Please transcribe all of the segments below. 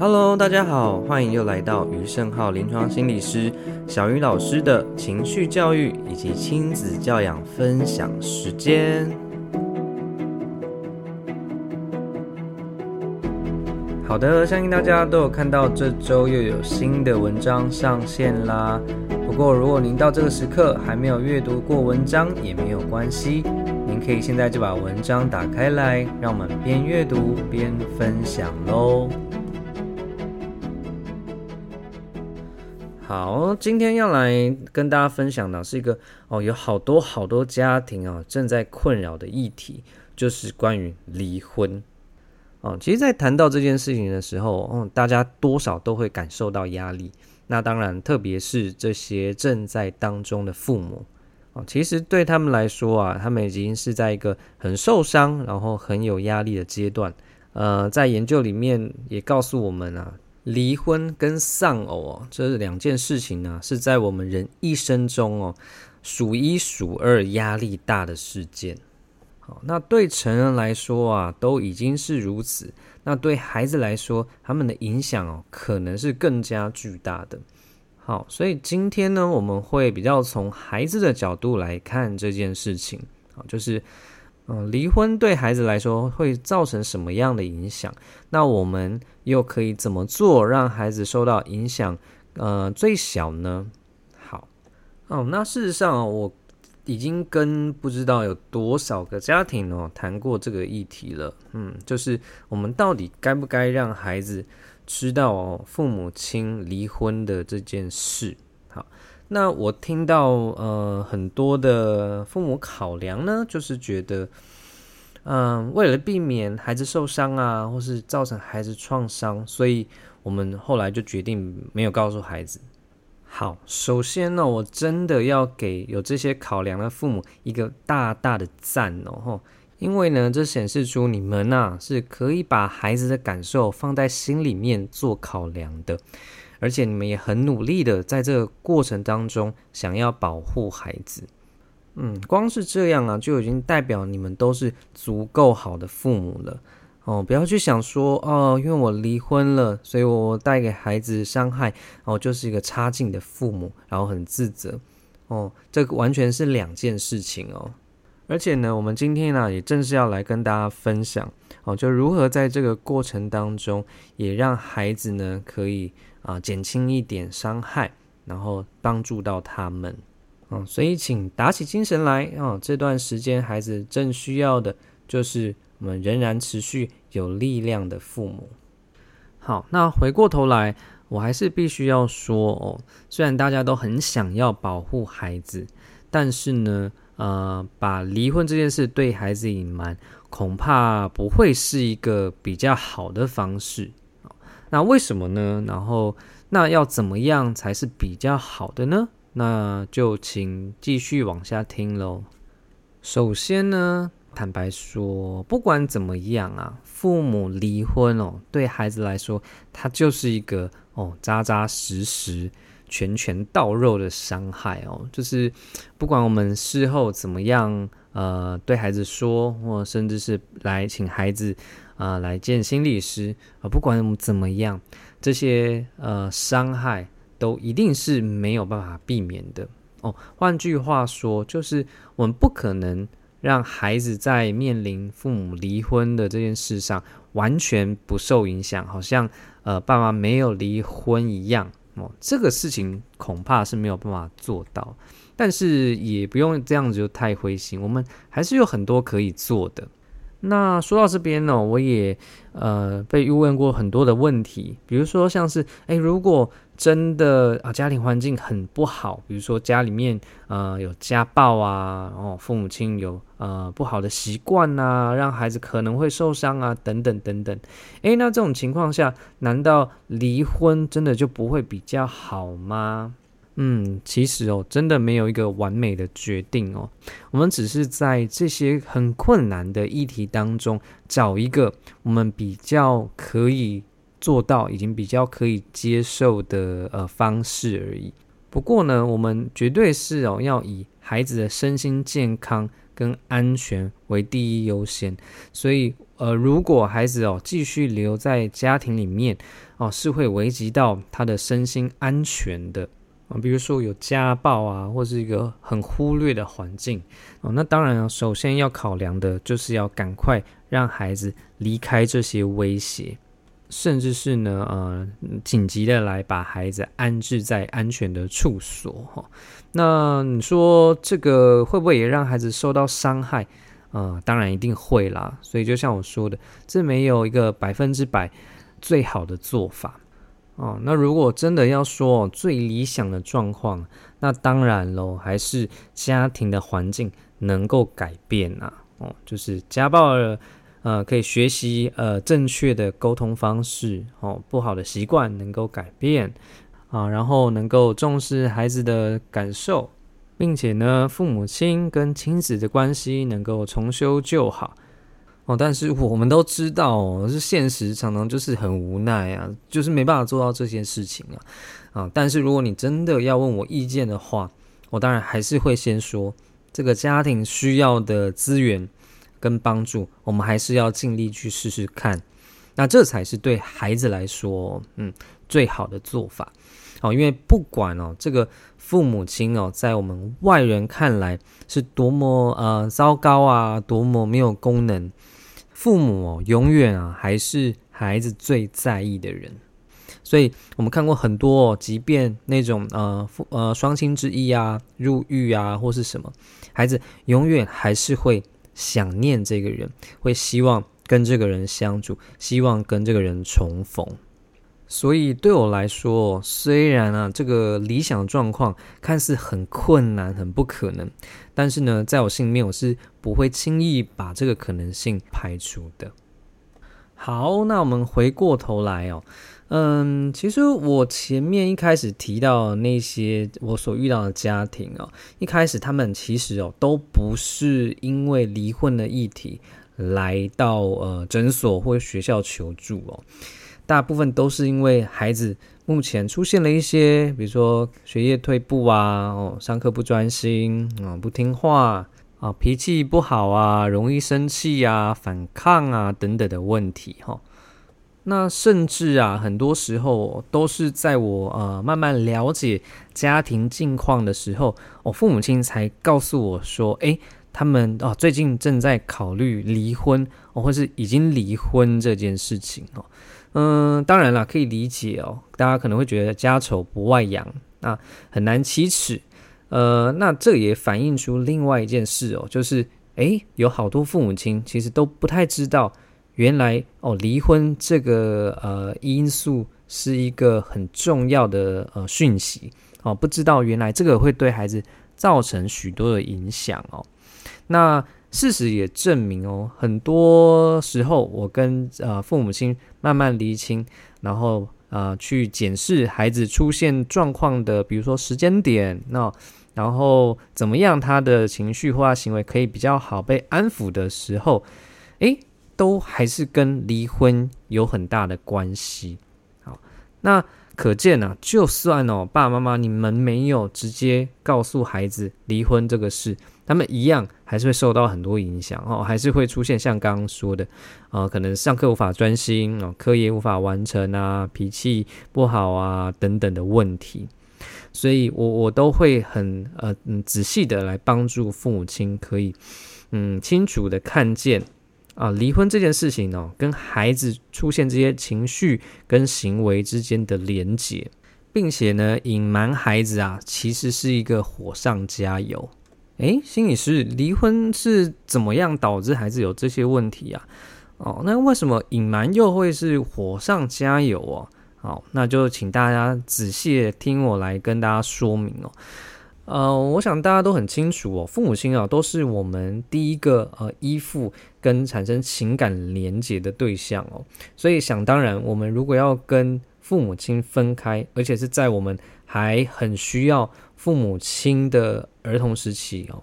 Hello，大家好，歡迎又來到余勝皓臨床心理師小魚老師的情緒教育以及親子教養分享時間。好的，相信大家都有看到這週又有新的文章上線啦。不過如果您到這個時刻還沒有閱讀過文章，也沒有關係，您可以現在就把文章打開來，讓我們邊閱讀邊分享嘍。好，今天要來跟大家分享的，是一個哦，有好多好多家庭啊正在困擾的議題，就是關於離婚哦。其實，在談到這件事情的時候，嗯，哦，大家多少都會感受到壓力。那當然，特別是這些正在當中的父母哦，其實對他們來說啊，他們已經是在一個很受傷，然後很有壓力的階段。呃，在研究裡面也告訴我們啊。離婚跟喪偶哦，這兩件事情呢、啊，是在我們人一生中哦，數一數二壓力大的事件。好，那對成人來說啊，都已經是如此；那對孩子來說，他們的影響哦，可能是更加巨大的。好，所以今天呢，我們會比較從孩子的角度來看這件事情。好，就是。嗯，離婚對孩子來說會造成什麼樣的影響？那我們又可以怎麼做，讓孩子受到影響呃最小呢？好哦，那事實上哦，我已經跟不知道有多少個家庭哦談過這個議題了，嗯，就是我們到底該不該讓孩子知道哦父母親離婚的這件事？好。那我聽到，呃，很多的父母考量呢，就是覺得，嗯、呃，為了避免孩子受傷啊，或是造成孩子創傷，所以我們後來就決定沒有告訴孩子。好，首先呢，我真的要給有這些考量的父母一個大大的讚哦吼因為呢，這顯示出你們吶、啊，是可以把孩子的感受放在心裡面做考量的，而且你們也很努力的在這個過程當中想要保護孩子。嗯，光是這樣啊，就已經代表你們都是足夠好的父母了。哦，不要去想說哦，因為我離婚了，所以我帶給孩子傷害，哦，就是一個差勁的父母，然後很自責。哦，這個完全是兩件事情哦。而且呢，我們今天呢也正是要來跟大家分享哦，就如何在這個過程當中，也讓孩子呢可以啊，呃，減輕一點傷害，然後幫助到他們。嗯，哦，所以請打起精神來哦，這段時間孩子正需要的就是我們仍然持續有力量的父母。好，那回過頭來，我還是必須要說哦，雖然大家都很想要保護孩子，但是呢，呃，把離婚這件事對孩子隱瞞，恐怕不會是一個比較好的方式。那為什麼呢？然後，那要怎麼樣才是比較好的呢？那就請繼續往下聽嘍。首先呢，坦白說，不管怎麼樣啊，父母離婚哦，對孩子來說，他就是一個，哦，紮紮實實。拳拳到肉的傷害哦，就是不管我們事後怎麼樣，呃，對孩子說，或甚至是來請孩子啊、呃、來見心理師啊、呃，不管我們怎麼樣，這些呃傷害都一定是沒有辦法避免的哦。換句話說，就是我們不可能讓孩子在面臨父母離婚的這件事上完全不受影響，好像呃爸媽沒有離婚一樣。哦，這個事情恐怕是沒有辦法做到，但是也不用這樣子就太灰心，我們還是有很多可以做的。那說到這邊呢、哦，我也呃被問過很多的問題，比如說像是哎，如果真的啊家庭環境很不好，比如說家裡面呃有家暴啊，哦父母親有呃不好的習慣啊，讓孩子可能會受傷啊等等等等，哎，那這種情況下，難道離婚真的就不會比較好嗎？嗯，其實哦，真的沒有一個完美的決定哦。我們只是在這些很困難的議題當中，找一個我們比較可以做到、已經比較可以接受的呃方式而已。不過呢，我們絕對是哦，要以孩子的身心健康跟安全為第一優先。所以呃，如果孩子哦繼續留在家庭裡面哦，是會危及到他的身心安全的。啊，比如說有家暴啊，或是一個很忽略的環境哦，那當然啊，首先要考量的就是要趕快讓孩子離開這些威脅，甚至是呢，嗯，呃，緊急的來把孩子安置在安全的處所。那你說這個會不會也讓孩子受到傷害啊？呃，當然一定會啦。所以就像我說的，這沒有一個百分之百最好的做法。哦，那如果真的要說最理想的狀況，那當然咯，還是家庭的環境能夠改變啊。哦，就是家暴，呃，可以學習呃正確的溝通方式，哦，不好的習慣能夠改變啊，然後能夠重視孩子的感受，並且呢，父母親跟親子的關係能夠重修舊好。哦，但是我們都知道哦，是現實常常就是很無奈啊，就是沒辦法做到這些事情啊，啊！但是如果你真的要問我意見的話，我當然還是會先說，這個家庭需要的資源跟幫助，我們還是要盡力去試試看，那這才是對孩子來說，嗯，最好的做法。啊，因為不管哦，這個父母親哦，在我們外人看來是多麼，呃，糟糕啊，多麼沒有功能。父母、哦、永遠啊，還是孩子最在意的人，所以我們看過很多、哦，即便那種呃父呃雙親之一啊入獄啊或是什麼，孩子永遠還是會想念這個人，會希望跟這個人相處，希望跟這個人重逢。所以對我來說，雖然啊這個理想狀況看似很困難、很不可能，但是呢，在我心裡面我是不會輕易把這個可能性排除的。好，那我們回過頭來哦，嗯，其實我前面一開始提到那些我所遇到的家庭哦，一開始他們其實哦都不是因為離婚的議題來到呃診所或學校求助哦。大部分都是因為孩子目前出現了一些，比如說學業退步啊，哦，上課不專心啊，不聽話啊，脾氣不好啊，容易生氣啊，反抗啊等等的問題哈。那甚至啊，很多時候都是在我啊慢慢了解家庭境況的時候，我父母親才告訴我說，誒，他們哦最近正在考慮離婚，或是已經離婚這件事情哦。嗯，當然啦，可以理解哦。大家可能會覺得家醜不外揚，那很難啟齒。呃，那這也反映出另外一件事哦，就是，誒，有好多父母親其實都不太知道，原來哦，離婚這個呃因素是一個很重要的呃訊息哦，不知道原來這個會對孩子造成許多的影響哦。那事實也證明哦，很多時候我跟呃父母親慢慢釐清然後呃去檢視孩子出現狀況的，比如說時間點，那然後怎麼樣他的情緒或行為可以比較好被安撫的時候，哎，都還是跟離婚有很大的關係。好，那。可見啊，就算哦，爸爸媽媽你們沒有直接告訴孩子離婚這個事，他們一樣還是會受到很多影響哦，還是會出現像剛剛說的，啊、呃，可能上課無法專心哦，課業無法完成啊，脾氣不好啊等等的問題，所以我我都會很呃仔細的來幫助父母親，可以嗯清楚的看見。啊，離婚這件事情哦，跟孩子出現這些情緒跟行為之間的連結，並且呢，隱瞞孩子啊，其實是一個火上加油。哎、欸，心理師，離婚是怎麼樣導致孩子有這些問題啊？哦，那為什麼隱瞞又會是火上加油啊？好，那就請大家仔細聽我來跟大家說明哦。呃，我想大家都很清楚哦，父母親啊都是我們第一個呃依附跟產生情感連結的對象哦，所以想當然，我們如果要跟父母親分開，而且是在我們還很需要父母親的兒童時期哦，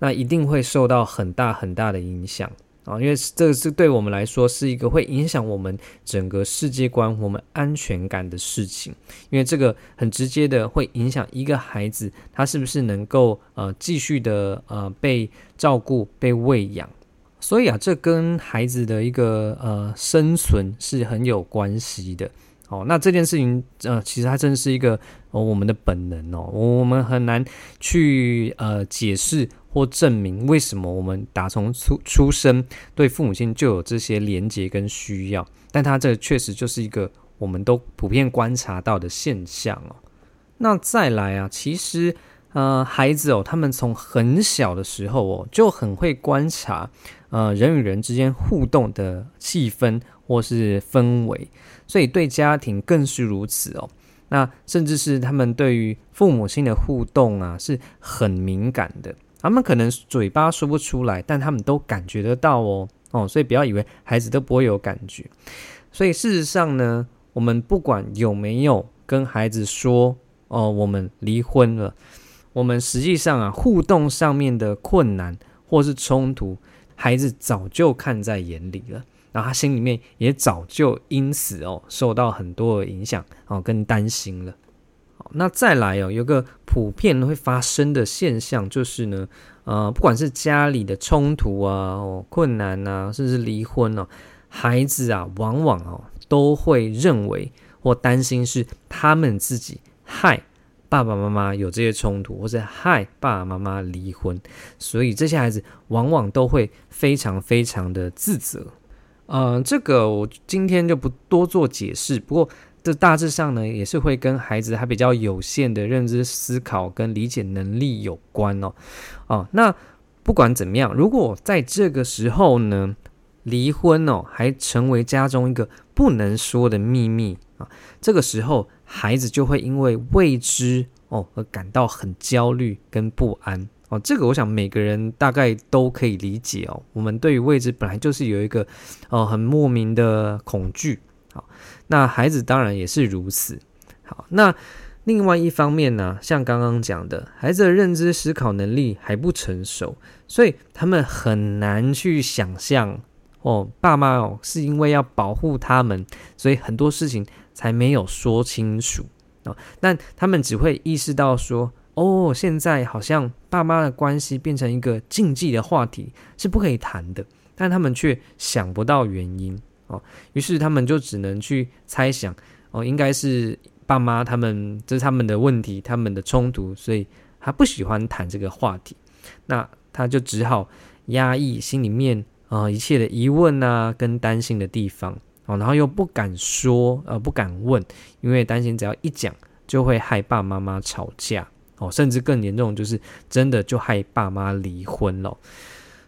那一定會受到很大很大的影響。啊，因為這個是對我們來說是一個會影響我們整個世界觀、我們安全感的事情，因為這個很直接的會影響一個孩子他是不是能夠呃繼續的呃被照顧、被餵養，所以啊，這跟孩子的一個呃生存是很有關係的。哦，那這件事情呃，其實它真是一個、呃、我們的本能哦，我們很難去呃解釋。或證明為什麼我們打從出出生，對父母親就有這些連接跟需要，但他這確實就是一個我們都普遍觀察到的現象哦。那再來啊，其實呃，孩子哦，他們從很小的時候哦就很會觀察呃人與人之間互動的氣氛或是氛圍，所以對家庭更是如此哦。那甚至是他們對於父母親的互動啊是很敏感的。他們可能嘴巴說不出來，但他們都感覺得到哦哦，所以不要以為孩子都不會有感覺。所以事實上呢，我們不管有沒有跟孩子說哦、呃，我們離婚了，我們實際上啊，互動上面的困難或是衝突，孩子早就看在眼裡了，然後他心裡面也早就因此哦受到很多的影響哦，跟擔心了。那再來哦，有個普遍會發生的現象，就是呢，呃，不管是家裡的衝突啊、哦、困難啊，甚至是離婚哦、啊，孩子啊，往往哦都會認為或擔心是他們自己害爸爸媽媽有這些衝突，或者害爸爸媽媽離婚，所以這些孩子往往都會非常非常的自責。嗯、呃，這個我今天就不多做解釋，不過。這大致上呢，也是會跟孩子還比較有限的認知、思考跟理解能力有關哦。哦，那不管怎麼樣，如果在這個時候呢，離婚哦，還成為家中一個不能說的秘密啊，哦，這個時候孩子就會因為未知哦而感到很焦慮跟不安哦。這個我想每個人大概都可以理解哦。我們對於未知本來就是有一個哦，呃，很莫名的恐懼，哦。那孩子當然也是如此。好，那另外一方面呢，像剛剛講的，孩子的認知思考能力還不成熟，所以他們很難去想象哦，爸媽哦是因為要保護他們，所以很多事情才沒有說清楚，哦，但他們只會意識到說，哦，現在好像爸媽的關係變成一個禁忌的話題，是不可以談的，但他們卻想不到原因。哦，於是他們就只能去猜想，哦，應該是爸媽他們這是他們的問題，他們的衝突，所以他不喜歡談這個話題，那他就只好壓抑心裡面啊，呃，一切的疑問啊跟擔心的地方，哦，然後又不敢說，呃，不敢問，因為擔心只要一講就會害爸媽媽吵架，哦，甚至更嚴重就是真的就害爸媽離婚了，哦，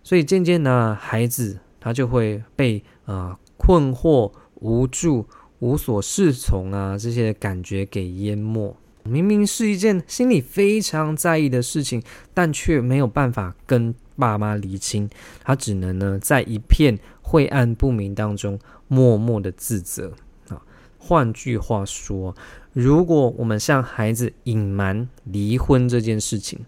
所以漸漸呢，孩子他就會被啊。呃困惑、無助、無所適從啊，這些感覺給淹沒。明明是一件心裡非常在意的事情，但卻沒有辦法跟爸媽釐清，他只能呢，在一片晦暗不明當中默默的自責。啊，換句話說，如果我們向孩子隱瞞離婚這件事情，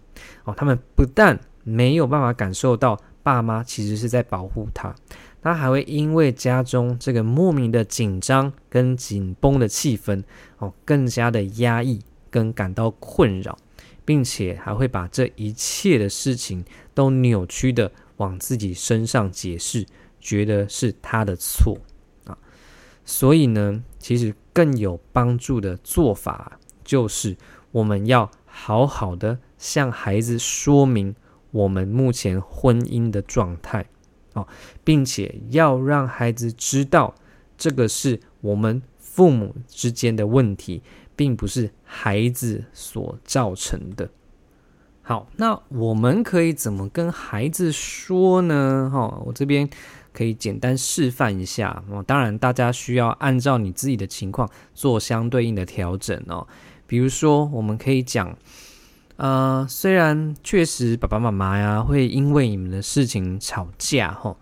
哦、啊，他們不但沒有辦法感受到爸媽其實是在保護他。他還會因為家中這個莫名的緊張跟緊繃的氣氛，哦，更加的壓抑跟感到困擾，並且還會把這一切的事情都扭曲的往自己身上解釋，覺得是他的錯啊。所以呢，其實更有幫助的做法就是，我們要好好的向孩子說明我們目前婚姻的狀態。哦，並且要讓孩子知道，這個是我們父母之間的問題，並不是孩子所造成的。好，那我們可以怎麼跟孩子說呢？哦，我這邊可以簡單示範一下。哦，當然，大家需要按照你自己的情況做相對應的調整哦。比如說，我們可以講。呃，雖然確實爸爸媽媽呀，會因為你們的事情吵架齁，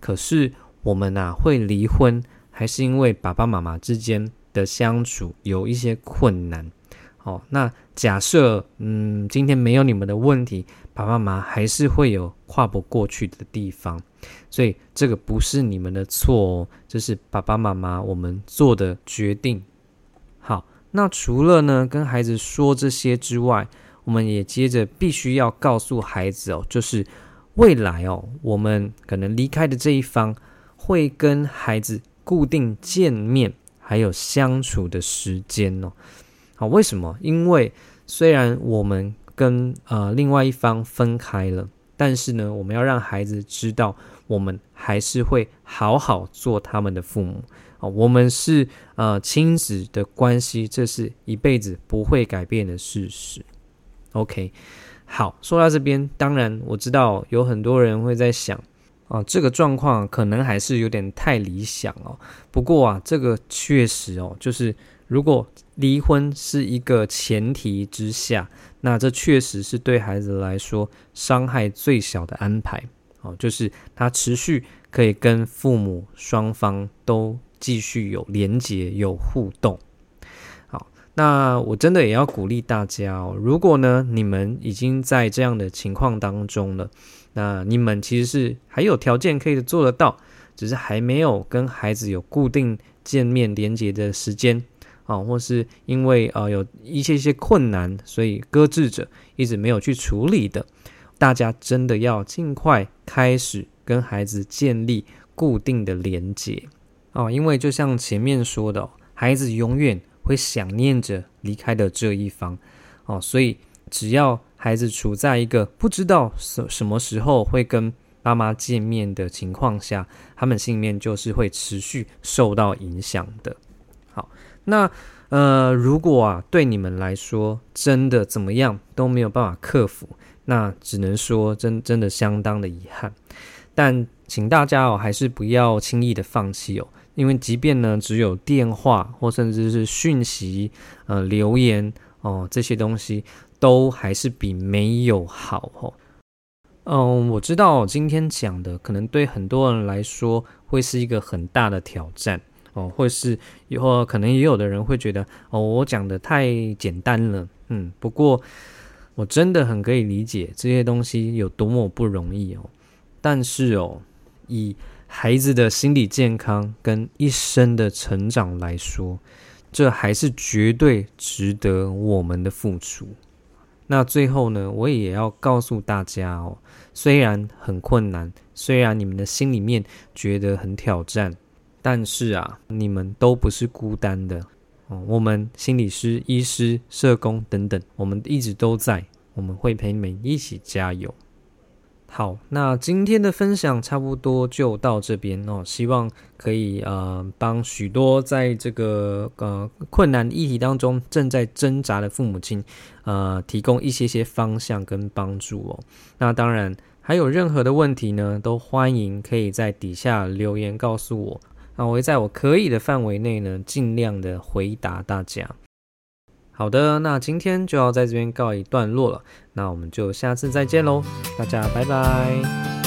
可是我們吶，會離婚，還是因為爸爸媽媽之間的相處有一些困難哦。那假設嗯今天沒有你們的問題，爸爸媽媽還是會有跨不過去的地方，所以這個不是你們的錯哦，這是爸爸媽媽我們做的決定。好，那除了呢跟孩子說這些之外，我們也接着必須要告訴孩子哦，就是未來哦，我們可能離開的這一方會跟孩子固定見面，還有相處的時間哦。好，為什麼？因為雖然我們跟呃另外一方分開了，但是呢，我們要讓孩子知道，我們還是會好好做他們的父母哦。我們是呃親子的關係，這是一輩子不會改變的事實。OK，好，說到這邊，當然我知道有很多人會在想，啊，這個狀況可能還是有點太理想哦。不過啊，這個確實哦，就是如果離婚是一個前提之下，那這確實是對孩子來說傷害最小的安排哦，啊，就是他持續可以跟父母雙方都繼續有連結、有互動。那我真的也要鼓勵大家哦。如果呢，你們已經在這樣的情況當中了，那你們其實是還有條件可以做得到，只是還沒有跟孩子有固定見面連接的時間啊、哦，或是因為啊、呃、有一些一些困難，所以擱置着，一直沒有去處理的。大家真的要盡快開始跟孩子建立固定的連接哦，因為就像前面說的、哦，孩子永遠。會想念着離開的這一方，哦，所以只要孩子處在一個不知道什什麼時候會跟爸媽見面的情況下，他們心裡面就是會持續受到影響的。好，那呃，如果啊對你們來說真的怎麼樣都沒有辦法克服，那只能說真真的相當的遺憾。但請大家哦，還是不要輕易的放棄哦。因為即便呢，只有電話或甚至是訊息、呃留言哦、呃，這些東西都還是比沒有好哦、呃。我知道今天講的可能對很多人來說會是一個很大的挑戰哦、呃，或是或者可能也有的人會覺得哦、呃，我講得太簡單了。嗯，不過我真的很可以理解這些東西有多麼不容易哦。但是哦，以孩子的心理健康跟一生的成長來說，這還是絕對值得我們的付出。那最後呢，我也要告訴大家哦，雖然很困難，雖然你們的心裡面覺得很挑戰，但是啊，你們都不是孤單的哦。我們心理師、醫師、社工等等，我們一直都在，我們會陪你們一起加油。好，那今天的分享差不多就到這邊哦。希望可以呃，幫許多在這個呃困難議題當中正在掙扎的父母親，呃，提供一些些方向跟幫助哦。那當然，還有任何的問題呢，都歡迎可以在底下留言告訴我。那我會在我可以的範圍內呢，盡量的回答大家。好的，那今天就要在這邊告一段落了。那我們就下次再見嘍，大家拜拜。